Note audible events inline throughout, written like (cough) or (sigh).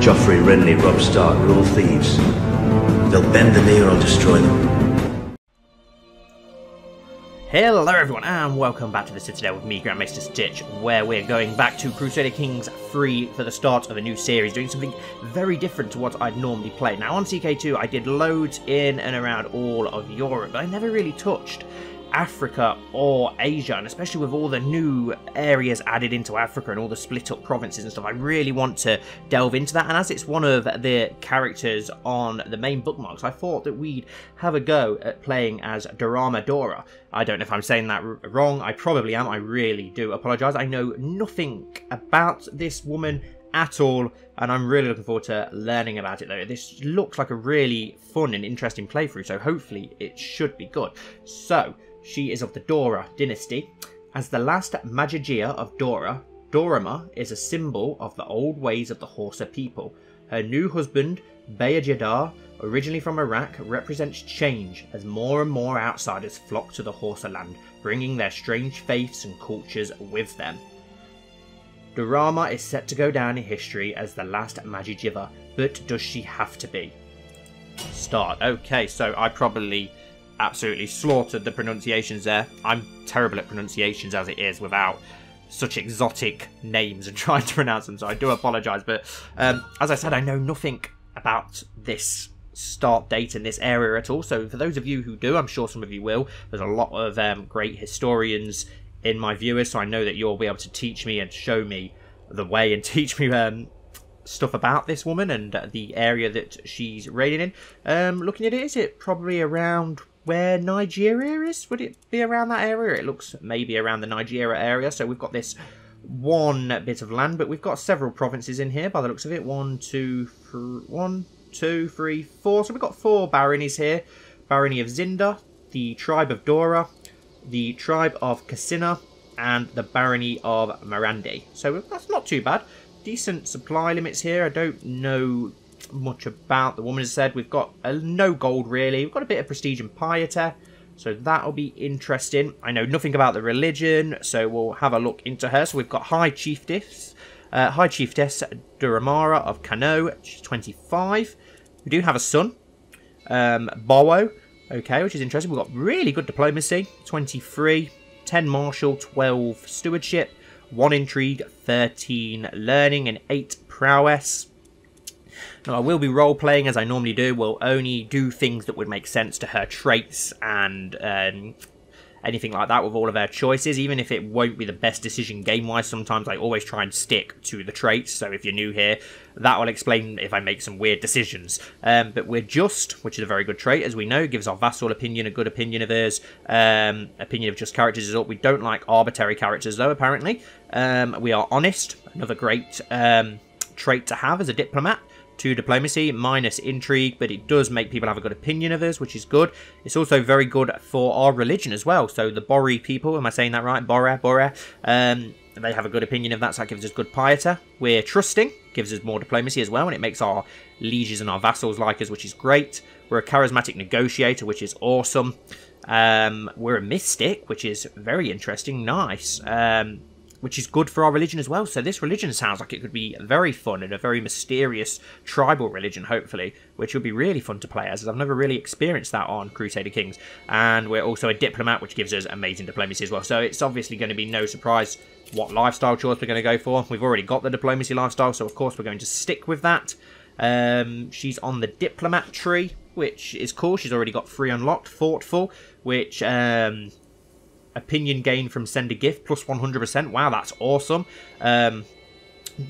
Joffrey, Renly, Rob Stark, we're all thieves. They'll bend the knee or I'll destroy them. Hello everyone and welcome back to the Citadel with me, Grandmaster Stitch, where we're going back to Crusader Kings 3 for the start of a new series, doing something very different to what I'd normally play. Now on CK2 I did loads in and around all of Europe, but I never really touched Africa or Asia, and especially with all the new areas added into Africa and all the split up provinces and stuff, I really want to delve into that. And as it's one of the characters on the main bookmarks, I thought that we'd have a go at playing as Dorama Dora. I don't know if I'm saying that wrong, I probably am, I really do apologise. I know nothing about this woman at all and I'm really looking forward to learning about it though. This looks like a really fun and interesting playthrough so hopefully it should be good. So she is of the Dora dynasty. As the last Majajia of Dora, Dorama is a symbol of the old ways of the Horsa people. Her new husband, Bayajadar, originally from Iraq, represents change as more and more outsiders flock to the Horsa land, bringing their strange faiths and cultures with them. Dorama is set to go down in history as the last Majijiva, but does she have to be? Start. Okay, so I probably absolutely slaughtered the pronunciations there. I'm terrible at pronunciations as it is without such exotic names and (laughs) trying to pronounce them, so I do apologise. But um, as I said, I know nothing about this start date in this area at all. So for those of you who do, I'm sure some of you will. There's a lot of um, great historians in my viewers, so I know that you'll be able to teach me and show me the way and (laughs) teach me um, stuff about this woman and the area that she's raiding in. Um, looking at it, is it probably around where Nigeria is? Would it be around that area? It looks maybe around the Nigeria area. So we've got this one bit of land, but we've got several provinces in here by the looks of it. One, two, three, one, two, three, four. So we've got four baronies here. Barony of Zinda, the tribe of Dora, the tribe of Cassina, and the barony of Marandi. So that's not too bad. Decent supply limits here. I don't know much about. The woman has said we've got uh, no gold really. We've got a bit of prestige and piety. So that'll be interesting. I know nothing about the religion, so we'll have a look into her. So we've got High Chiefess, uh, High Chiefess Duramara of Kano, she's 25. We do have a son, um, Bowo, okay, which is interesting. We've got really good diplomacy, 23, 10 martial, 12 stewardship, 1 intrigue, 13 learning, and 8 prowess. Now, I will be role playing as I normally do. We'll only do things that would make sense to her traits and um, anything like that with all of her choices, even if it won't be the best decision game wise. Sometimes I always try and stick to the traits. So if you're new here, that will explain if I make some weird decisions. Um, but we're just, which is a very good trait, as we know, gives our vassal opinion a good opinion of hers. Um, opinion of just characters is up. We don't like arbitrary characters though, apparently. Um, we are honest, another great um, trait to have as a diplomat to diplomacy, minus intrigue, but it does make people have a good opinion of us, which is good. It's also very good for our religion as well. So the Bori people, am I saying that right? Borre, Borre. Um, they have a good opinion of that, so that gives us good piety. We're trusting, gives us more diplomacy as well, and it makes our lieges and our vassals like us, which is great. We're a charismatic negotiator, which is awesome. Um, we're a mystic, which is very interesting. Nice. Um, which is good for our religion as well. So this religion sounds like it could be very fun and a very mysterious tribal religion, hopefully, which would be really fun to play as, as I've never really experienced that on Crusader Kings. And we're also a diplomat, which gives us amazing diplomacy as well. So it's obviously going to be no surprise what lifestyle choice we're going to go for. We've already got the diplomacy lifestyle, so of course we're going to stick with that. Um, she's on the diplomat tree, which is cool. She's already got three unlocked. Thoughtful, which um, opinion gain from send a gift plus 100%. Wow, that's awesome. Um,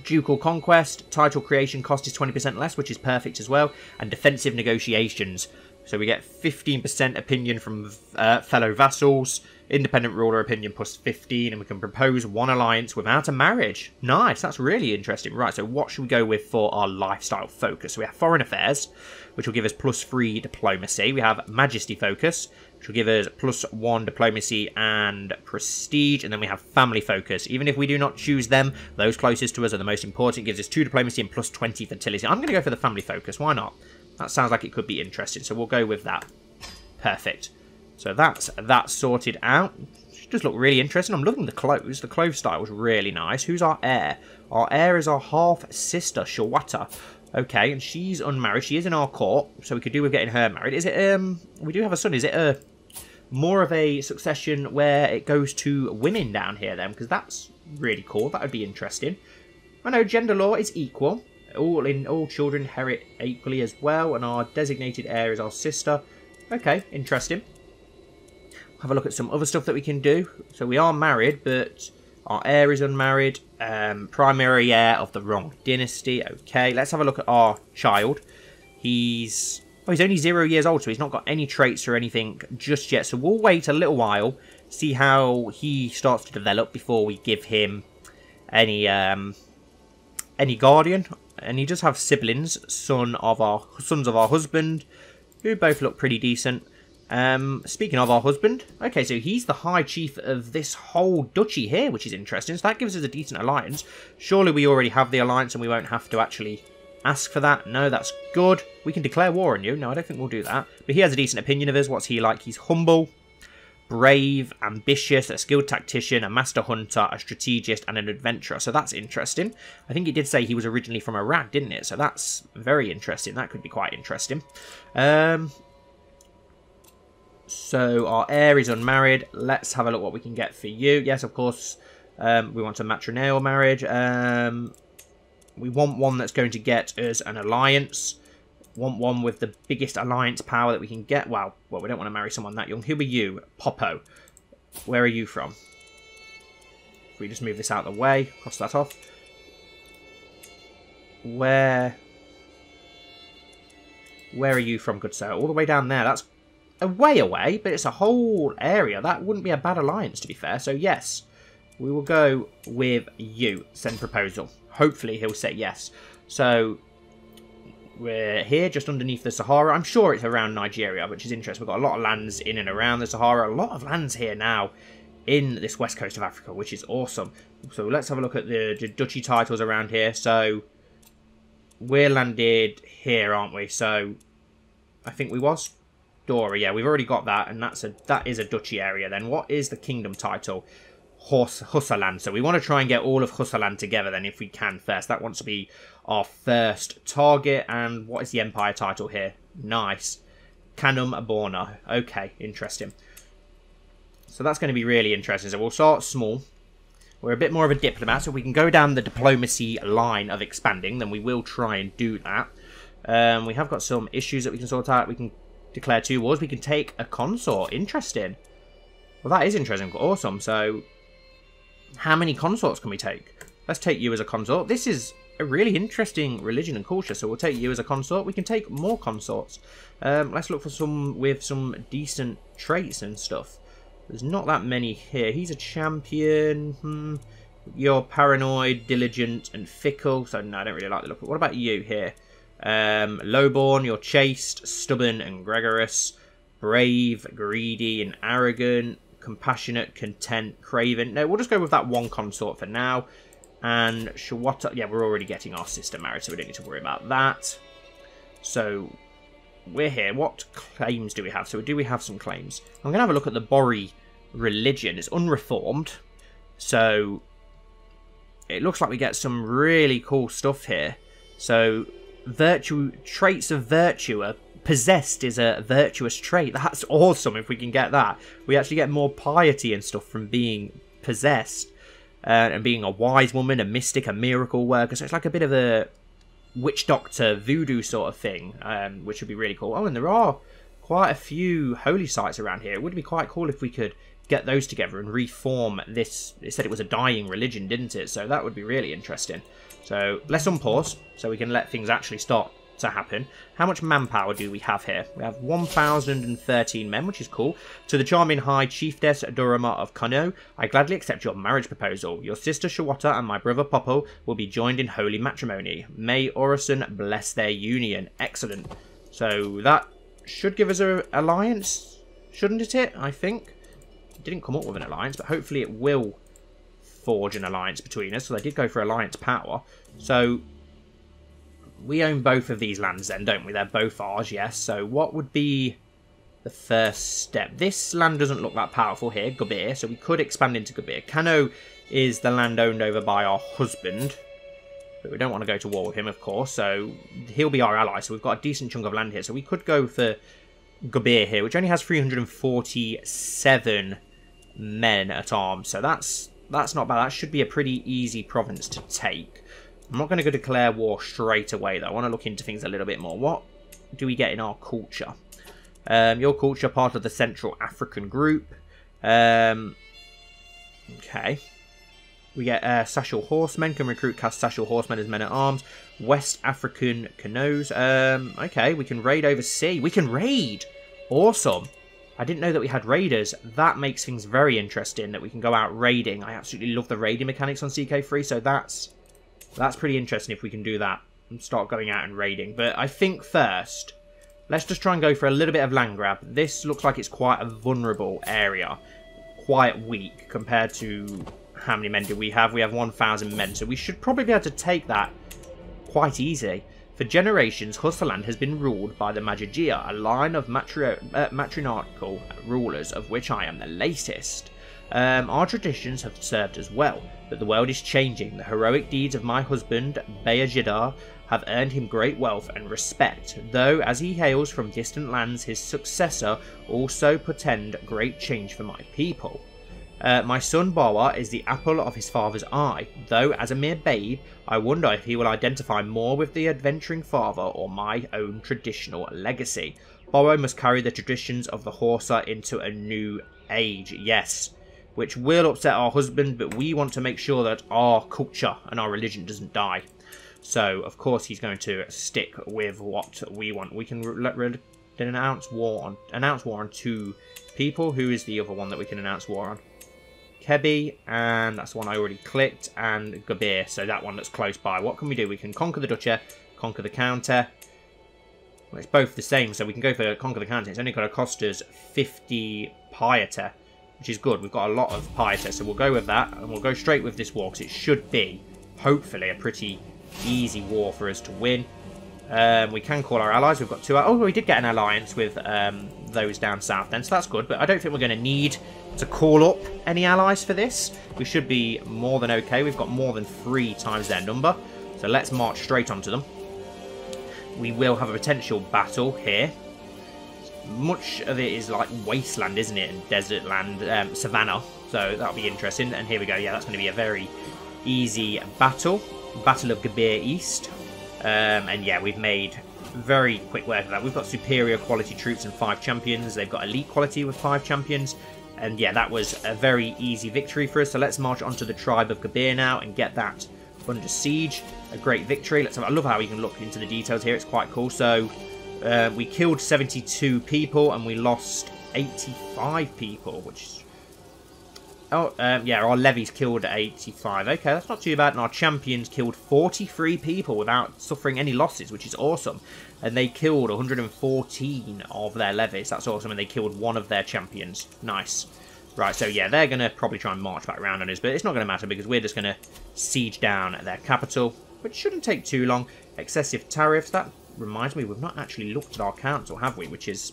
Ducal Conquest, title creation cost is 20% less, which is perfect as well, and defensive negotiations. So we get 15% opinion from uh, fellow vassals, independent ruler opinion plus 15, and we can propose one alliance without a marriage. Nice, that's really interesting. Right, so what should we go with for our lifestyle focus? So we have foreign affairs, which will give us plus 3 diplomacy. We have majesty focus, which will give us plus one diplomacy and prestige. And then we have family focus. Even if we do not choose them, those closest to us are the most important. It gives us two diplomacy and plus 20 fertility. I'm going to go for the family focus. Why not? That sounds like it could be interesting. So we'll go with that. Perfect. So that's that sorted out. She does look really interesting. I'm loving the clothes. The clothes style was really nice. Who's our heir? Our heir is our half-sister, Shawata. Okay, and she's unmarried. She is in our court, so we could do with getting her married. Is it, um, we do have a son. Is it, a more of a succession where it goes to women down here then, because that's really cool. That would be interesting. I know gender law is equal. All in all children inherit equally as well, and our designated heir is our sister. Okay, interesting. Have a look at some other stuff that we can do. So we are married, but our heir is unmarried. Um, primary heir of the wrong dynasty. Okay, let's have a look at our child. He's Oh, he's only zero years old, so he's not got any traits or anything just yet. So we'll wait a little while, see how he starts to develop before we give him any um, any guardian. And he does have siblings, son of our sons of our husband, who both look pretty decent. Um, speaking of our husband, okay, so he's the High Chief of this whole duchy here, which is interesting. So that gives us a decent alliance. Surely we already have the alliance and we won't have to actually ask for that. No, that's good. We can declare war on you. No, I don't think we'll do that. But he has a decent opinion of us. What's he like? He's humble, brave, ambitious, a skilled tactician, a master hunter, a strategist, and an adventurer. So that's interesting. I think he did say he was originally from Iraq, didn't it? So that's very interesting. That could be quite interesting. Um, so our heir is unmarried. Let's have a look what we can get for you. Yes, of course, um, we want a matrimonial marriage. Um, we want one that's going to get us an alliance. Want one with the biggest alliance power that we can get. Well, well, we don't want to marry someone that young. Who are you? Popo. Where are you from? If we just move this out of the way, cross that off. Where... Where are you from, good sir? All the way down there. That's a way away, but it's a whole area. That wouldn't be a bad alliance, to be fair. So, yes, we will go with you. Send proposal hopefully he'll say yes. So we're here just underneath the Sahara. I'm sure it's around Nigeria, which is interesting. We've got a lot of lands in and around the Sahara, a lot of lands here now in this west coast of Africa, which is awesome. So let's have a look at the, the duchy titles around here. So we're landed here, aren't we? So I think we was Dora. Yeah, we've already got that, and that's a that is a duchy area. Then what is the kingdom title? Hus- So we want to try and get all of Hussalan together then if we can first. That wants to be our first target. And what is the Empire title here? Nice. Canum Aborna. Okay, interesting. So that's going to be really interesting. So we'll start small. We're a bit more of a diplomat, so we can go down the diplomacy line of expanding, then we will try and do that. Um, we have got some issues that we can sort out. We can declare two wars. We can take a consort. Interesting. Well, that is interesting. Awesome. So how many consorts can we take? Let's take you as a consort. This is a really interesting religion and culture, so we'll take you as a consort. We can take more consorts. Um, let's look for some with some decent traits and stuff. There's not that many here. He's a champion. Hmm. You're paranoid, diligent, and fickle. So, no, I don't really like the look. But what about you here? Um, lowborn, you're chaste, stubborn, and gregarious. Brave, greedy, and arrogant compassionate, content, craven. No, we'll just go with that one consort for now. And Shawata, yeah, we're already getting our sister married, so we don't need to worry about that. So we're here. What claims do we have? So do we have some claims? I'm going to have a look at the Bori religion. It's unreformed, so it looks like we get some really cool stuff here. So virtue traits of virtue are possessed is a virtuous trait. That's awesome if we can get that. We actually get more piety and stuff from being possessed uh, and being a wise woman, a mystic, a miracle worker. So it's like a bit of a witch doctor voodoo sort of thing, um, which would be really cool. Oh, and there are quite a few holy sites around here. It would be quite cool if we could get those together and reform this. It said it was a dying religion, didn't it? So that would be really interesting. So let's unpause so we can let things actually start to happen. How much manpower do we have here? We have 1,013 men, which is cool. To the charming high chiefess Durama of Kano, I gladly accept your marriage proposal. Your sister Shawata and my brother Popo will be joined in holy matrimony. May Orison bless their union. Excellent. So that should give us an alliance, shouldn't it? It I think. It didn't come up with an alliance, but hopefully it will forge an alliance between us. So they did go for alliance power. So we own both of these lands then, don't we? They're both ours, yes. So what would be the first step? This land doesn't look that powerful here, Gabir, so we could expand into Gabir. Kano is the land owned over by our husband, but we don't want to go to war with him, of course, so he'll be our ally. So we've got a decent chunk of land here, so we could go for Gabir here, which only has 347 men at arms, so that's that's not bad. That should be a pretty easy province to take. I'm not going to go declare war straight away, though. I want to look into things a little bit more. What do we get in our culture? Um, your culture, part of the Central African group. Um, okay. We get uh, Sashal Horsemen can recruit cast Sashal Horsemen as men at arms. West African canoes. Um, okay, we can raid over sea. We can raid. Awesome. I didn't know that we had raiders. That makes things very interesting that we can go out raiding. I absolutely love the raiding mechanics on CK3, so that's that's pretty interesting if we can do that and start going out and raiding. But I think first, let's just try and go for a little bit of land grab. This looks like it's quite a vulnerable area. Quite weak compared to how many men do we have? We have 1,000 men, so we should probably be able to take that quite easy. For generations, Husserland has been ruled by the Magigia, a line of matri uh, rulers, of which I am the latest. Um, our traditions have served us well, but the world is changing. The heroic deeds of my husband, Bayajidar, have earned him great wealth and respect, though as he hails from distant lands, his successor also portend great change for my people. Uh, my son Bawa is the apple of his father's eye, though as a mere babe, I wonder if he will identify more with the adventuring father or my own traditional legacy. Bawa must carry the traditions of the Horsa into a new age, yes which will upset our husband, but we want to make sure that our culture and our religion doesn't die. So, of course, he's going to stick with what we want. We can let rid then announce war on announce war on two people. Who is the other one that we can announce war on? Kebi, and that's the one I already clicked, and Gabir, so that one that's close by. What can we do? We can conquer the Dutcher, conquer the counter. Well, it's both the same, so we can go for conquer the counter. It's only going to cost us 50 piety which is good. We've got a lot of Pyta, so we'll go with that, and we'll go straight with this war, because it should be, hopefully, a pretty easy war for us to win. Um, we can call our allies. We've got two... Oh, we did get an alliance with um, those down south then, so that's good. But I don't think we're going to need to call up any allies for this. We should be more than okay. We've got more than three times their number. So let's march straight onto them. We will have a potential battle here much of it is like wasteland, isn't it? And desert land, um, savannah. So that'll be interesting. And here we go. Yeah, that's going to be a very easy battle. Battle of Gabir East. Um, and yeah, we've made very quick work of that. We've got superior quality troops and five champions. They've got elite quality with five champions. And yeah, that was a very easy victory for us. So let's march onto the tribe of Gabir now and get that under siege. A great victory. Let's have, I love how you can look into the details here. It's quite cool. So uh, we killed 72 people and we lost 85 people, which is... Oh, um, yeah, our levies killed 85. Okay, that's not too bad. And our champions killed 43 people without suffering any losses, which is awesome. And they killed 114 of their levies. That's awesome. And they killed one of their champions. Nice. Right, so yeah, they're going to probably try and march back around on us. But it's not going to matter because we're just going to siege down their capital. Which shouldn't take too long. Excessive tariffs. That reminds me, we've not actually looked at our council, have we? Which is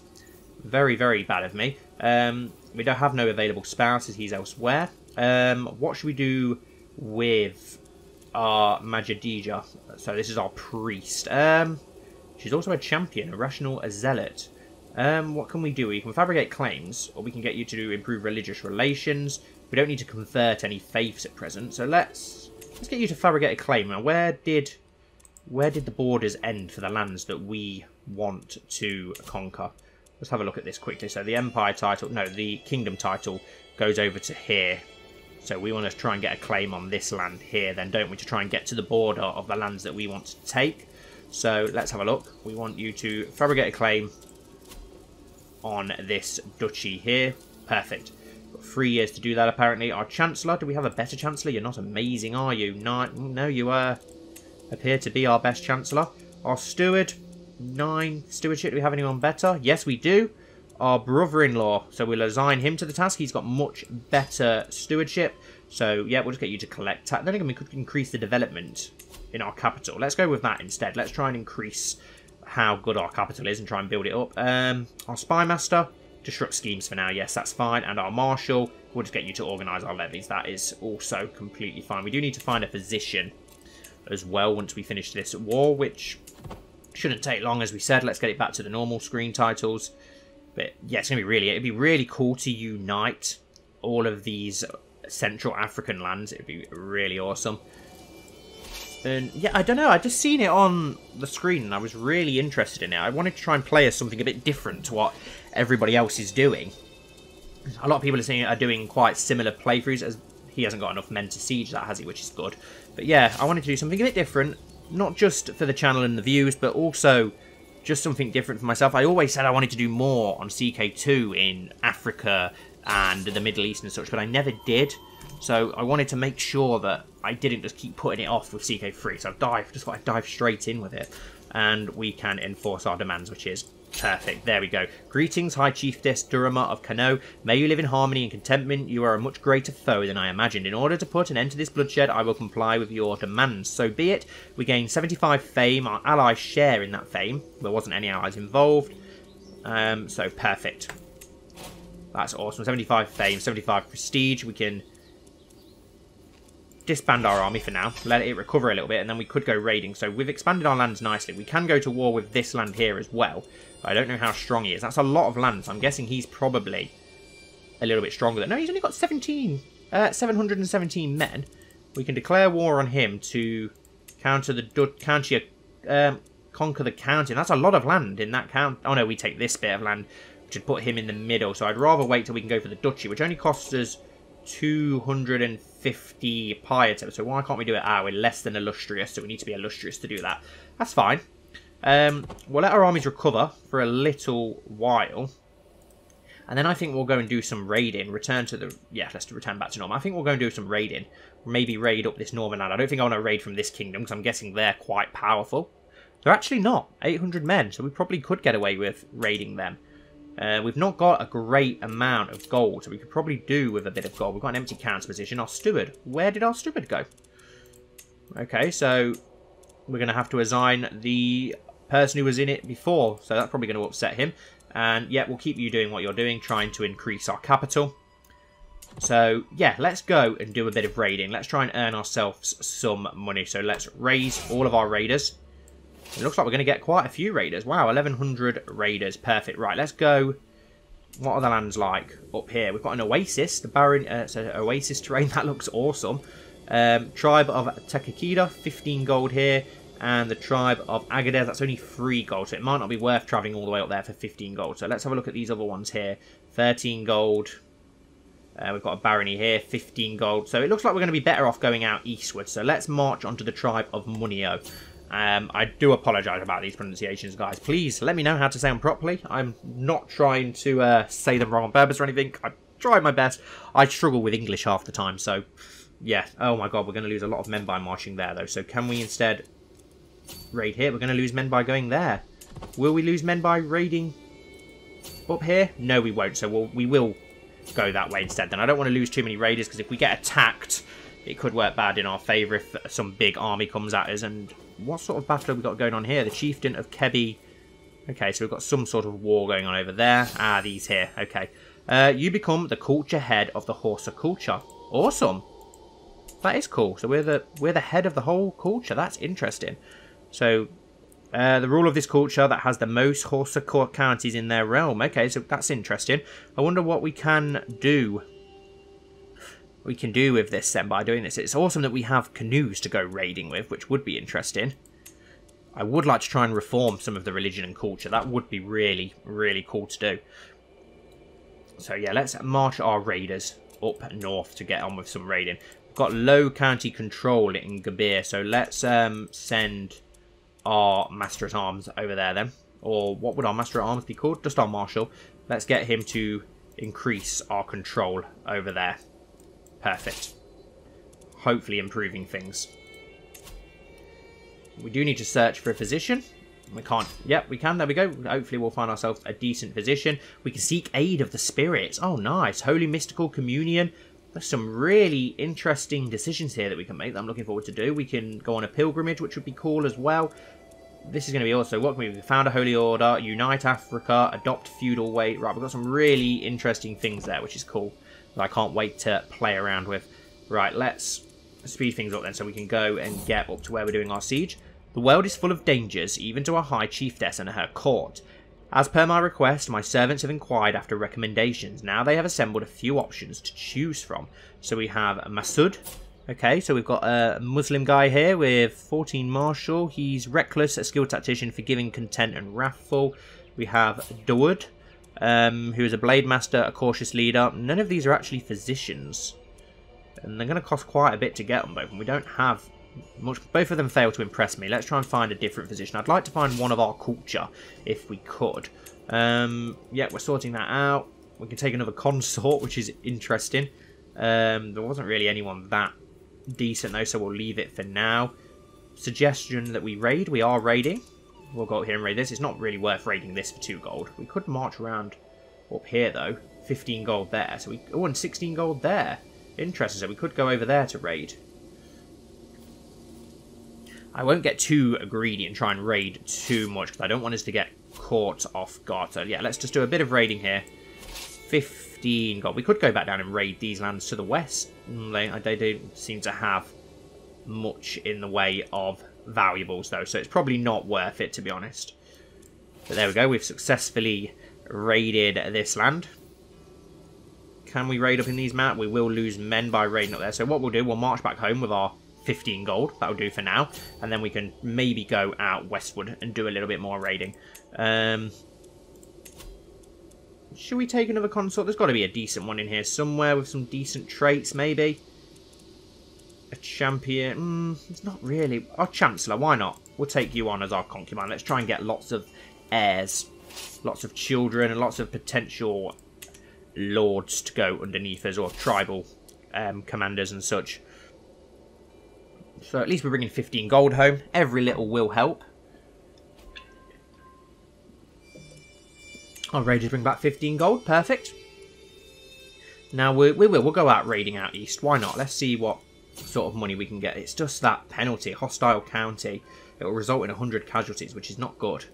very, very bad of me. Um, we don't have no available spouses. He's elsewhere. Um, what should we do with our Majadija? So this is our priest. Um, she's also a champion, a rational, a zealot. Um, what can we do? We can fabricate claims, or we can get you to improve religious relations. We don't need to convert any faiths at present, so let's let's get you to fabricate a claim. Now, where did where did the borders end for the lands that we want to conquer? Let's have a look at this quickly. So the Empire title, no, the Kingdom title goes over to here. So we want to try and get a claim on this land here then, don't we, to try and get to the border of the lands that we want to take. So let's have a look. We want you to fabricate a claim on this duchy here. Perfect. Got three years to do that apparently. Our Chancellor, do we have a better Chancellor? You're not amazing, are you? No, no you are... Uh, appear to be our best Chancellor. Our steward, nine stewardship. Do we have anyone better? Yes, we do. Our brother-in-law. So we'll assign him to the task. He's got much better stewardship. So, yeah, we'll just get you to collect tax. Then again, we could increase the development in our capital. Let's go with that instead. Let's try and increase how good our capital is and try and build it up. Um, our spy master, disrupt schemes for now. Yes, that's fine. And our marshal, we'll just get you to organise our levies. That is also completely fine. We do need to find a position as well once we finish this war, which shouldn't take long, as we said. Let's get it back to the normal screen titles. But yeah, it's going to be really, it'd be really cool to unite all of these Central African lands. It'd be really awesome. And yeah, I don't know, I just seen it on the screen and I was really interested in it. I wanted to try and play as something a bit different to what everybody else is doing. A lot of people are, seeing, are doing quite similar playthroughs as he hasn't got enough men to siege that, has he? Which is good. But yeah, I wanted to do something a bit different, not just for the channel and the views, but also just something different for myself. I always said I wanted to do more on CK2 in Africa and the Middle East and such, but I never did. So I wanted to make sure that I didn't just keep putting it off with CK3. So I've dived, just thought I'd dive straight in with it. And we can enforce our demands, which is Perfect, there we go. Greetings, High Chiefess Durama of Kano. May you live in harmony and contentment. You are a much greater foe than I imagined. In order to put an end to this bloodshed, I will comply with your demands. So be it. We gain 75 fame. Our allies share in that fame. There wasn't any allies involved. Um, so perfect. That's awesome. 75 fame, 75 prestige. We can disband our army for now, let it recover a little bit, and then we could go raiding. So we've expanded our lands nicely. We can go to war with this land here as well. But I don't know how strong he is. That's a lot of land, so I'm guessing he's probably a little bit stronger. Than... No, he's only got 17, uh, 717 men. We can declare war on him to counter the duchy, um, conquer the county. And that's a lot of land in that count. Oh no, we take this bit of land, which would put him in the middle. So I'd rather wait till we can go for the duchy, which only costs us 250 piety. So why can't we do it? Ah, we're less than illustrious, so we need to be illustrious to do that. That's fine. Um, we'll let our armies recover for a little while. And then I think we'll go and do some raiding. Return to the... Yeah, let's return back to normal. I think we'll go and do some raiding. Maybe raid up this Norman land. I don't think I want to raid from this kingdom because I'm guessing they're quite powerful. They're actually not. 800 men, so we probably could get away with raiding them. Uh, we've not got a great amount of gold, so we could probably do with a bit of gold. We've got an empty counts position. Our steward. Where did our steward go? Okay, so we're going to have to assign the person who was in it before, so that's probably going to upset him. And yeah, we'll keep you doing what you're doing, trying to increase our capital. So yeah, let's go and do a bit of raiding. Let's try and earn ourselves some money. So let's raise all of our raiders. It looks like we're going to get quite a few raiders. Wow, 1,100 raiders. Perfect. Right, let's go. What are the lands like up here? We've got an oasis. The barren, uh, it's an oasis terrain. (laughs) That looks awesome. Um, tribe of Takakida, 15 gold here and the tribe of Agadez. That's only three gold, so it might not be worth travelling all the way up there for 15 gold. So let's have a look at these other ones here. 13 gold. Uh, we've got a barony here, 15 gold. So it looks like we're going to be better off going out eastward. So let's march onto the tribe of Munio. Um, I do apologise about these pronunciations, guys. Please let me know how to say them properly. I'm not trying to uh, say them wrong on purpose or anything. I tried my best. I struggle with English half the time, so yeah. Oh my god, we're going to lose a lot of men by marching there, though. So can we instead raid here. We're going to lose men by going there. Will we lose men by raiding up here? No, we won't. So we'll, we will go that way instead. Then I don't want to lose too many raiders because if we get attacked, it could work bad in our favour if some big army comes at us. And what sort of battle have we got going on here? The chieftain of Kebi. Okay, so we've got some sort of war going on over there. Ah, these here. Okay. Uh, you become the culture head of the of culture. Awesome. That is cool. So we're the we're the head of the whole culture. That's interesting. So uh, the rule of this culture that has the most Horsa counties in their realm. Okay, so that's interesting. I wonder what we can do. We can do with this then by doing this. It's awesome that we have canoes to go raiding with, which would be interesting. I would like to try and reform some of the religion and culture. That would be really, really cool to do. So yeah, let's march our raiders up north to get on with some raiding. We've got low county control in Gabir, so let's um, send our Master at Arms over there then. Or what would our Master at Arms be called? Just our Marshal. Let's get him to increase our control over there. Perfect. Hopefully improving things. We do need to search for a physician. We can't. Yep, we can. There we go. Hopefully we'll find ourselves a decent physician. We can seek aid of the spirits. Oh, nice. Holy Mystical Communion. There's some really interesting decisions here that we can make that I'm looking forward to do. We can go on a pilgrimage, which would be cool as well this is going to be also what can we Found a holy order, unite Africa, adopt feudal way. Right, we've got some really interesting things there, which is cool. That I can't wait to play around with. Right, let's speed things up then so we can go and get up to where we're doing our siege. The world is full of dangers, even to our High Chiefess and her court. As per my request, my servants have inquired after recommendations. Now they have assembled a few options to choose from. So we have Masud, Okay, so we've got a Muslim guy here with 14 martial. He's reckless, a skilled tactician, forgiving, content, and wrathful. We have Dawood, um, who is a blade master, a cautious leader. None of these are actually physicians. And they're going to cost quite a bit to get on both. And we don't have much. Both of them fail to impress me. Let's try and find a different physician. I'd like to find one of our culture, if we could. Um, yeah, we're sorting that out. We can take another consort, (laughs) which is interesting. Um, there wasn't really anyone that decent though, so we'll leave it for now. Suggestion that we raid. We are raiding. We'll go here and raid this. It's not really worth raiding this for 2 gold. We could march around up here though. 15 gold there. So we oh, and 16 gold there. Interesting. So we could go over there to raid. I won't get too greedy and try and raid too much because I don't want us to get caught off guard. So yeah, let's just do a bit of raiding here. 15 15 gold. We could go back down and raid these lands to the west. Mm, they, they don't seem to have much in the way of valuables, though, so it's probably not worth it, to be honest. But there we go. We've successfully raided this land. Can we raid up in these map? We will lose men by raiding up there. So what we'll do, we'll march back home with our 15 gold. That'll do for now. And then we can maybe go out westward and do a little bit more raiding. Um, should we take another consort? There's got to be a decent one in here somewhere with some decent traits, maybe. A champion. Mm, it's not really. Our oh, chancellor, why not? We'll take you on as our concubine. Let's try and get lots of heirs, lots of children, and lots of potential lords to go underneath us, or tribal um, commanders and such. So at least we're bringing 15 gold home. Every little will help. Our raiders bring back 15 gold. Perfect. Now we, we will. We'll go out raiding out east. Why not? Let's see what sort of money we can get. It's just that penalty. Hostile county. It will result in 100 casualties, which is not good.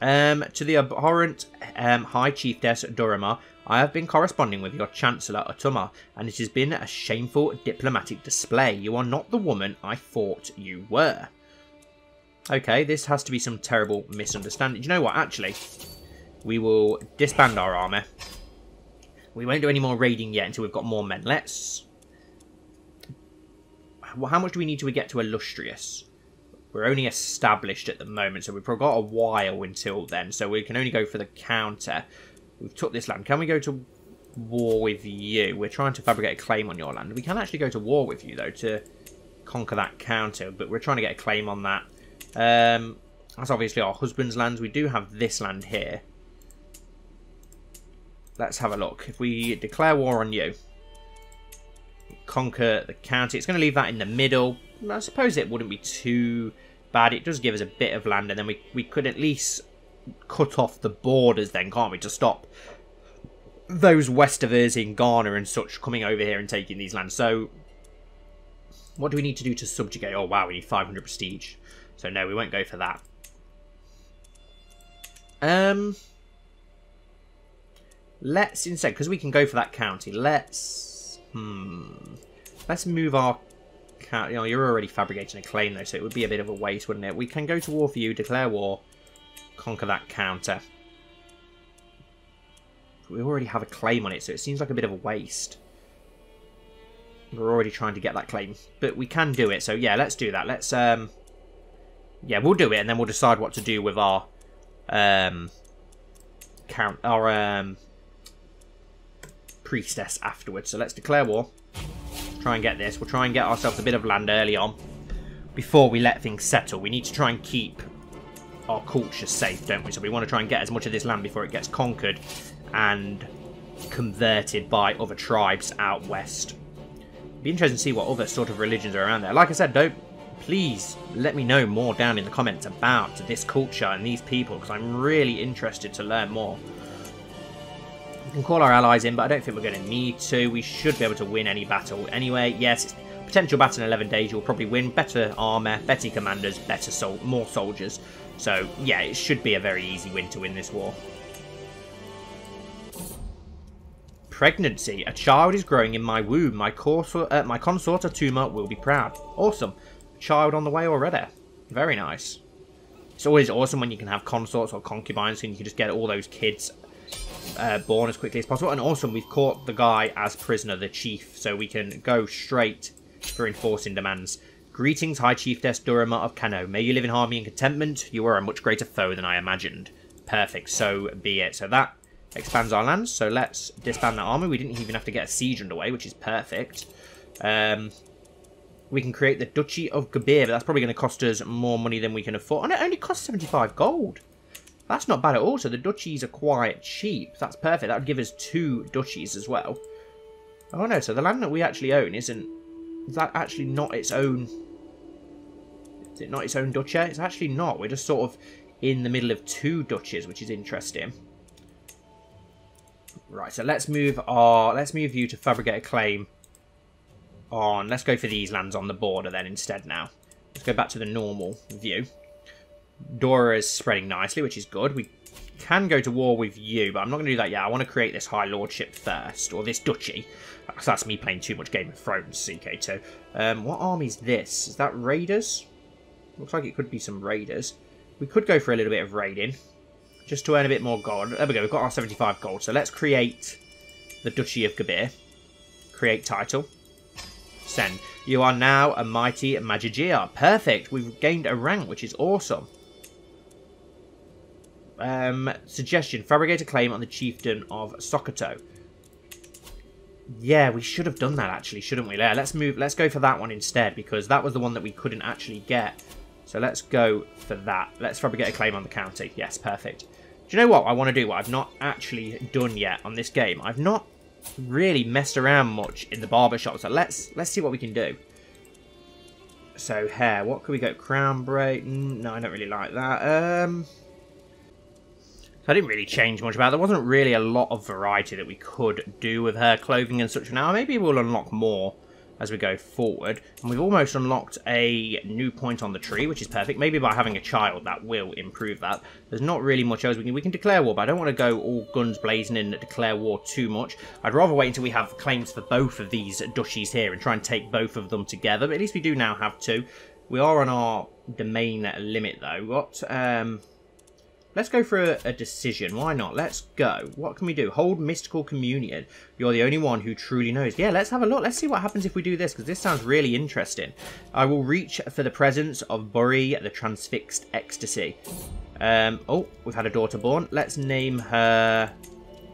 Um, to the abhorrent um, High Chiefess Durama, I have been corresponding with your Chancellor Otuma, and it has been a shameful diplomatic display. You are not the woman I thought you were. Okay, this has to be some terrible misunderstanding. you know what? Actually, we will disband our army. We won't do any more raiding yet until we've got more men. Let's... Well, how much do we need to get to Illustrious? We're only established at the moment, so we've got a while until then. So we can only go for the counter. We've took this land. Can we go to war with you? We're trying to fabricate a claim on your land. We can actually go to war with you, though, to conquer that counter. But we're trying to get a claim on that um, that's obviously our husband's lands. We do have this land here. Let's have a look. If we declare war on you, conquer the county. It's going to leave that in the middle. I suppose it wouldn't be too bad. It does give us a bit of land, and then we, we could at least cut off the borders then, can't we, to stop those Westerners in Ghana and such coming over here and taking these lands. So, what do we need to do to subjugate? Oh, wow, we need 500 prestige. So no, we won't go for that. Um, let's instead, because we can go for that county. Let's hmm, let's move our county. know, oh, you're already fabricating a claim though, so it would be a bit of a waste, wouldn't it? We can go to war for you, declare war, conquer that counter. we already have a claim on it, so it seems like a bit of a waste. We're already trying to get that claim, but we can do it. So yeah, let's do that. Let's um, yeah, we'll do it, and then we'll decide what to do with our um, count our um, priestess afterwards. So let's declare war. Try and get this. We'll try and get ourselves a bit of land early on before we let things settle. We need to try and keep our culture safe, don't we? So we want to try and get as much of this land before it gets conquered and converted by other tribes out west. be interesting to see what other sort of religions are around there. Like I said, don't please let me know more down in the comments about this culture and these people because I'm really interested to learn more. We can call our allies in, but I don't think we're going to need to. We should be able to win any battle anyway. Yes, potential battle in 11 days. You'll probably win better armor, better commanders, better sol more soldiers. So, yeah, it should be a very easy win to win this war. Pregnancy. A child is growing in my womb. My, consort, uh, my consort Atuma will be proud. Awesome child on the way already. Very nice. It's always awesome when you can have consorts or concubines and you can just get all those kids uh, born as quickly as possible. And awesome, we've caught the guy as prisoner, the chief, so we can go straight for enforcing demands. Greetings, High Chiefess Durama of Kano. May you live in harmony and contentment. You are a much greater foe than I imagined. Perfect, so be it. So that expands our lands, so let's disband that army. We didn't even have to get a siege underway, which is perfect. Um, we can create the Duchy of Gabir, but that's probably going to cost us more money than we can afford. And it only costs 75 gold. That's not bad at all. So the duchies are quite cheap. That's perfect. That would give us two duchies as well. Oh no, so the land that we actually own isn't... Is that actually not its own... Is it not its own duchy? It's actually not. We're just sort of in the middle of two duchies, which is interesting. Right, so let's move our... Let's move you to fabricate a claim on... Let's go for these lands on the border then instead now. Let's go back to the normal view. Dora is spreading nicely, which is good. We can go to war with you, but I'm not going to do that yet. I want to create this High Lordship first, or this Duchy. That's me playing too much Game of Thrones, CK2. Um, what is this? Is that Raiders? Looks like it could be some Raiders. We could go for a little bit of raiding, just to earn a bit more gold. There we go, we've got our 75 gold. So let's create the Duchy of Gabir. Create title. You are now a mighty Magigear. Perfect. We've gained a rank, which is awesome. Um, suggestion. Fabricate a claim on the chieftain of Sokoto. Yeah, we should have done that actually, shouldn't we? Yeah, let's move. Let's go for that one instead because that was the one that we couldn't actually get. So let's go for that. Let's fabricate a claim on the county. Yes, perfect. Do you know what I want to do? What I've not actually done yet on this game. I've not really messed around much in the barber shop. So let's let's see what we can do. So hair, what could we go? Crown braid? Mm, no, I don't really like that. Um, I didn't really change much about. It. There wasn't really a lot of variety that we could do with her clothing and such. Now maybe we'll unlock more as we go forward. And we've almost unlocked a new point on the tree, which is perfect. Maybe by having a child, that will improve that. There's not really much else. We can, we can declare war, but I don't want to go all guns blazing in and declare war too much. I'd rather wait until we have claims for both of these duchies here and try and take both of them together. But at least we do now have two. We are on our domain limit, though. What... Um, Let's go for a, a, decision. Why not? Let's go. What can we do? Hold mystical communion. You're the only one who truly knows. Yeah, let's have a look. Let's see what happens if we do this, because this sounds really interesting. I will reach for the presence of Bury, the transfixed ecstasy. Um, oh, we've had a daughter born. Let's name her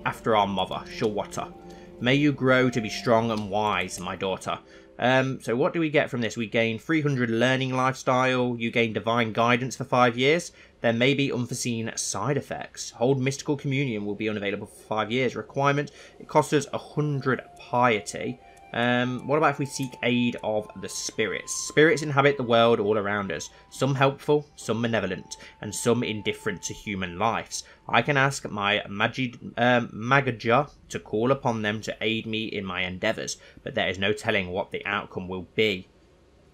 after our mother, Shawata. May you grow to be strong and wise, my daughter. Um, so what do we get from this? We gain 300 learning lifestyle, you gain divine guidance for 5 years, there may be unforeseen side effects. Hold Mystical Communion will be unavailable for five years. Requirement, it costs us 100 piety. Um, what about if we seek aid of the spirits? Spirits inhabit the world all around us, some helpful, some malevolent, and some indifferent to human lives. I can ask my Magid, um, to call upon them to aid me in my endeavours, but there is no telling what the outcome will be.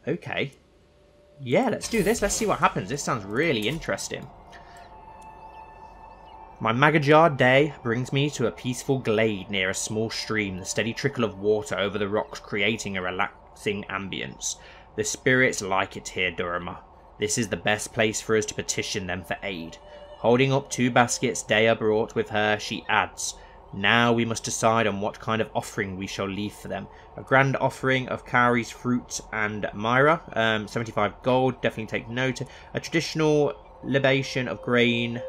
Okay, yeah, let's do this. Let's see what happens. This sounds really interesting. My Magajar day brings me to a peaceful glade near a small stream, the steady trickle of water over the rocks creating a relaxing ambience. The spirits like it here, Durama. This is the best place for us to petition them for aid. Holding up two baskets Dea brought with her, she adds, now we must decide on what kind of offering we shall leave for them. A grand offering of cowries, fruits and myra. Um, 75 gold, definitely take note. A traditional libation of grain.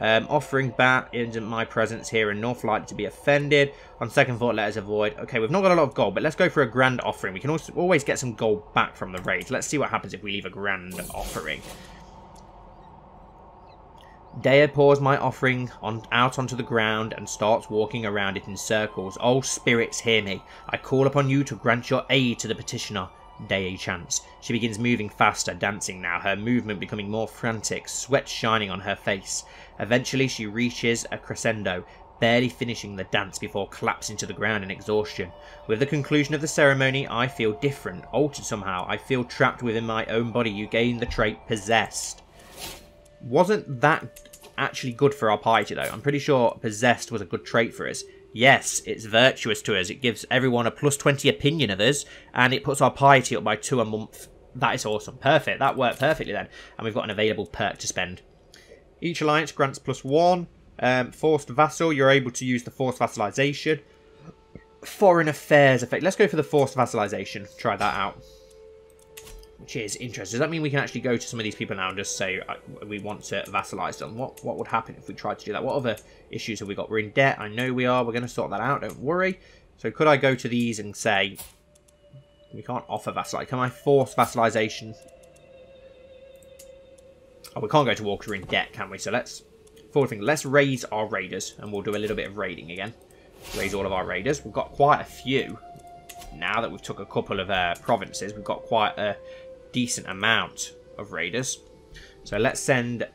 Um, offering bat into my presence here in North likely to be offended. On second thought, let us avoid. Okay, we've not got a lot of gold, but let's go for a grand offering. We can also always get some gold back from the raid. Let's see what happens if we leave a grand offering. Dea pours my offering on, out onto the ground and starts walking around it in circles. All oh, spirits, hear me. I call upon you to grant your aid to the petitioner. Dea chants. She begins moving faster, dancing now, her movement becoming more frantic, sweat shining on her face. Eventually, she reaches a crescendo, barely finishing the dance before collapsing to the ground in exhaustion. With the conclusion of the ceremony, I feel different, altered somehow. I feel trapped within my own body. You gain the trait possessed wasn't that actually good for our piety, though. I'm pretty sure possessed was a good trait for us. Yes, it's virtuous to us. It gives everyone a plus 20 opinion of us, and it puts our piety up by two a month. That is awesome. Perfect. That worked perfectly then. And we've got an available perk to spend. Each alliance grants plus one. Um, forced vassal, you're able to use the forced vassalization. Foreign affairs effect. Let's go for the forced vassalization. Try that out which is interesting. Does that mean we can actually go to some of these people now and just say uh, we want to vassalize them? What what would happen if we tried to do that? What other issues have we got? We're in debt. I know we are. We're going to sort that out. Don't worry. So could I go to these and say we can't offer vassalize? Can I force vassalization? Oh, we can't go to war because we're in debt, can we? So let's forward thing. Let's raise our raiders and we'll do a little bit of raiding again. Raise all of our raiders. We've got quite a few now that we've took a couple of uh, provinces. We've got quite a decent amount of raiders. So let's send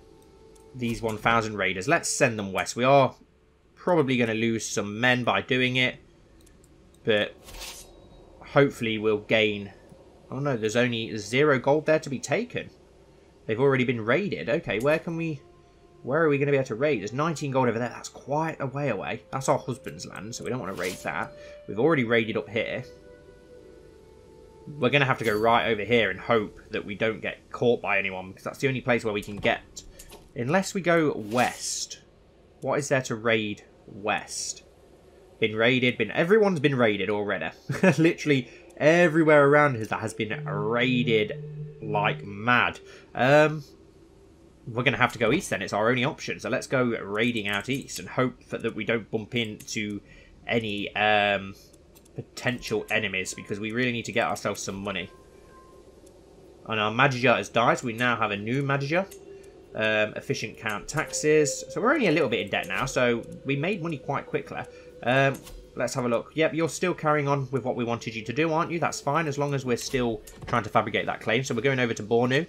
these 1,000 raiders. Let's send them west. We are probably going to lose some men by doing it. But hopefully we'll gain... Oh no, there's only zero gold there to be taken. They've already been raided. Okay, where can we... Where are we going to be able to raid? There's 19 gold over there. That's quite a way away. That's our husband's land, so we don't want to raid that. We've already raided up here. We're going to have to go right over here and hope that we don't get caught by anyone because that's the only place where we can get... Unless we go west. What is there to raid west? Been raided. Been Everyone's been raided already. (laughs) Literally everywhere around us that has been raided like mad. Um, we're going to have to go east then. It's our only option. So let's go raiding out east and hope that we don't bump into any... Um, potential enemies because we really need to get ourselves some money. And our Magijar has died, so we now have a new Magijar. Um, efficient count taxes. So we're only a little bit in debt now, so we made money quite quickly. Um, let's have a look. Yep, you're still carrying on with what we wanted you to do, aren't you? That's fine, as long as we're still trying to fabricate that claim. So we're going over to Bornu,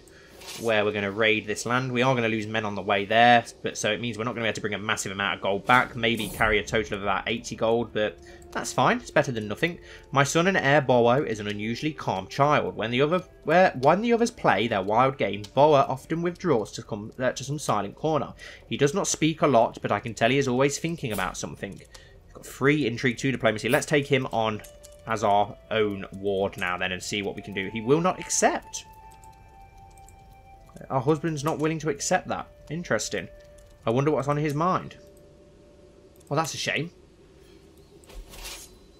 where we're going to raid this land. We are going to lose men on the way there, but so it means we're not going to be able to bring a massive amount of gold back. Maybe carry a total of about 80 gold, but that's fine, it's better than nothing. My son and heir Boa is an unusually calm child. When the, other, where, when the others play their wild game, Boa often withdraws to, come, uh, to some silent corner. He does not speak a lot, but I can tell he is always thinking about something. We've got three intrigue, two diplomacy. Let's take him on as our own ward now then and see what we can do. He will not accept. Our husband's not willing to accept that. Interesting. I wonder what's on his mind. Well, that's a shame.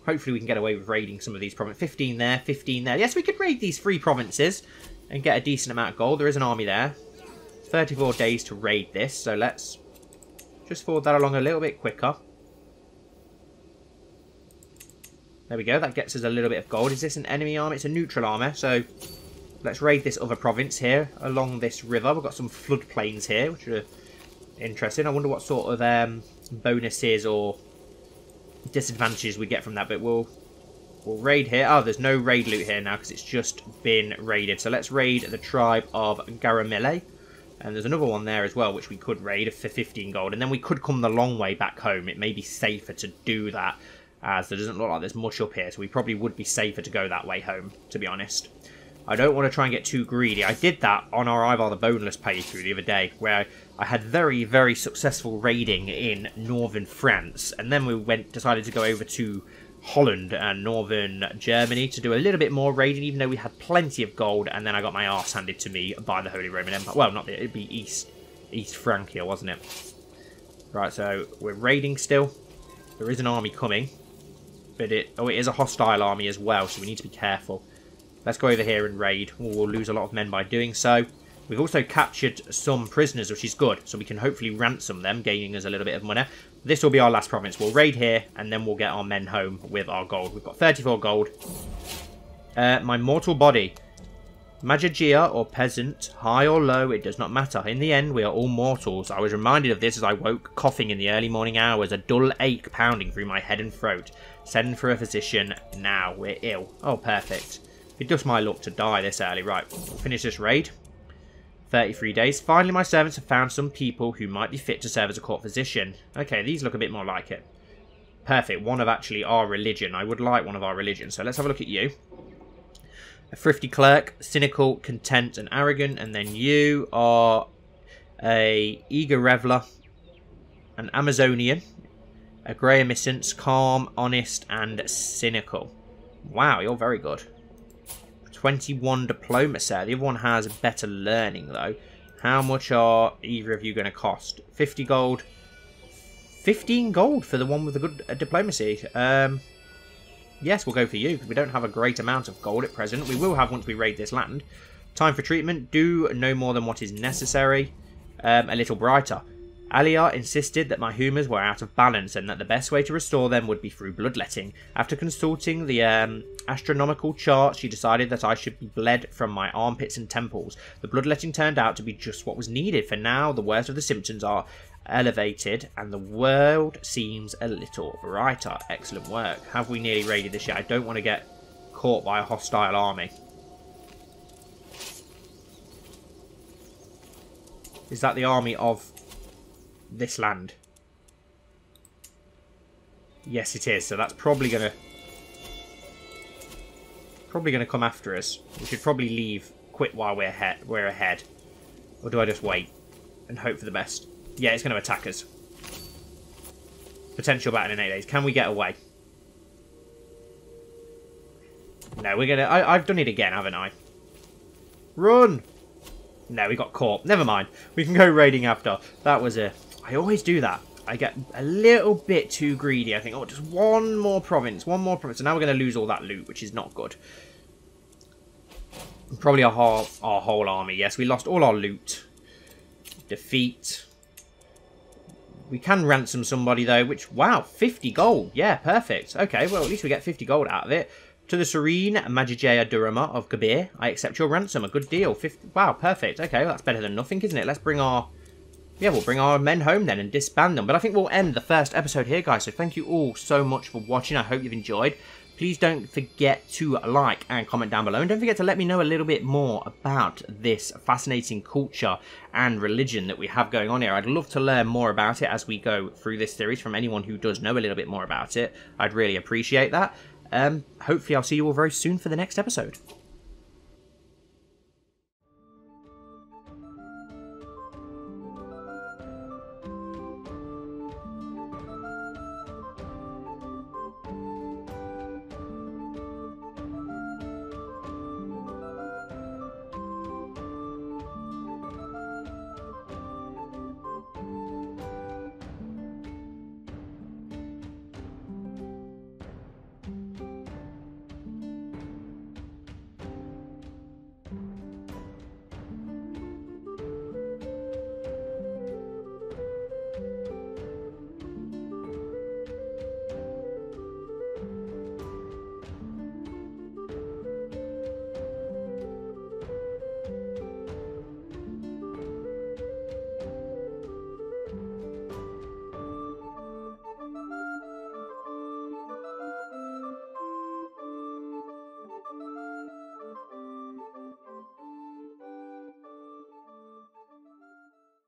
Hopefully we can get away with raiding some of these provinces. 15 there, 15 there. Yes, we could raid these three provinces and get a decent amount of gold. There is an army there. 34 days to raid this, so let's just forward that along a little bit quicker. There we go, that gets us a little bit of gold. Is this an enemy army? It's a neutral army, so let's raid this other province here along this river. We've got some floodplains here, which are interesting. I wonder what sort of um, bonuses or disadvantages we get from that, but we'll we'll raid here. Oh, there's no raid loot here now because it's just been raided. So let's raid the tribe of Garamele. And there's another one there as well, which we could raid for 15 gold. And then we could come the long way back home. It may be safer to do that, as there doesn't look like there's much up here. So we probably would be safer to go that way home, to be honest. I don't want to try and get too greedy. I did that on our Ivar the Boneless playthrough the other day, where I had very, very successful raiding in northern France, and then we went decided to go over to Holland and northern Germany to do a little bit more raiding, even though we had plenty of gold, and then I got my ass handed to me by the Holy Roman Empire. Well, not the, it'd be East, East Francia, wasn't it? Right, so we're raiding still. There is an army coming, but it, oh, it is a hostile army as well, so we need to be careful. Let's go over here and raid. We'll lose a lot of men by doing so. We've also captured some prisoners, which is good. So we can hopefully ransom them, gaining us a little bit of money. This will be our last province. We'll raid here, and then we'll get our men home with our gold. We've got 34 gold. Uh, my mortal body. Majagia or peasant, high or low, it does not matter. In the end, we are all mortals. I was reminded of this as I woke, coughing in the early morning hours, a dull ache pounding through my head and throat. Send for a physician now. We're ill. Oh, perfect. It does my luck to die this early. Right, finish this raid. 33 days. Finally, my servants have found some people who might be fit to serve as a court physician. Okay, these look a bit more like it. Perfect. One of actually our religion. I would like one of our religion. So let's have a look at you. A thrifty clerk, cynical, content, and arrogant. And then you are a eager reveler, an Amazonian, a grey emiscence, calm, honest, and cynical. Wow, you're very good. 21 diploma set. The other one has better learning, though. How much are either of you going to cost? 50 gold. 15 gold for the one with the good uh, diplomacy. Um, yes, we'll go for you, because we don't have a great amount of gold at present. We will have once we raid this land. Time for treatment. Do no more than what is necessary. Um, a little brighter. Aliar insisted that my humours were out of balance and that the best way to restore them would be through bloodletting. After consulting the um, astronomical chart, she decided that I should be bled from my armpits and temples. The bloodletting turned out to be just what was needed, for now the worst of the symptoms are elevated and the world seems a little brighter. Excellent work. Have we nearly raided this yet? I don't want to get caught by a hostile army. Is that the army of this land. Yes, it is. So that's probably going to probably going to come after us. We should probably leave, quit while we're ahead, we're ahead. Or do I just wait and hope for the best? Yeah, it's going to attack us. Potential battle in eight days. Can we get away? No, we're going to... I've done it again, haven't I? Run! No, we got caught. Never mind. We can go raiding after. That was a I always do that. I get a little bit too greedy. I think, oh, just one more province, one more province. And now we're going to lose all that loot, which is not good. Probably our whole, our whole army. Yes, we lost all our loot. Defeat. We can ransom somebody, though, which, wow, 50 gold. Yeah, perfect. Okay, well, at least we get 50 gold out of it. To the Serene Majijaya Durama of Kabir, I accept your ransom. A good deal. 50, wow, perfect. Okay, well, that's better than nothing, isn't it? Let's bring our yeah, we'll bring our men home then and disband them. But I think we'll end the first episode here, guys. So thank you all so much for watching. I hope you've enjoyed. Please don't forget to like and comment down below. And don't forget to let me know a little bit more about this fascinating culture and religion that we have going on here. I'd love to learn more about it as we go through this series from anyone who does know a little bit more about it. I'd really appreciate that. Um, hopefully I'll see you all very soon for the next episode.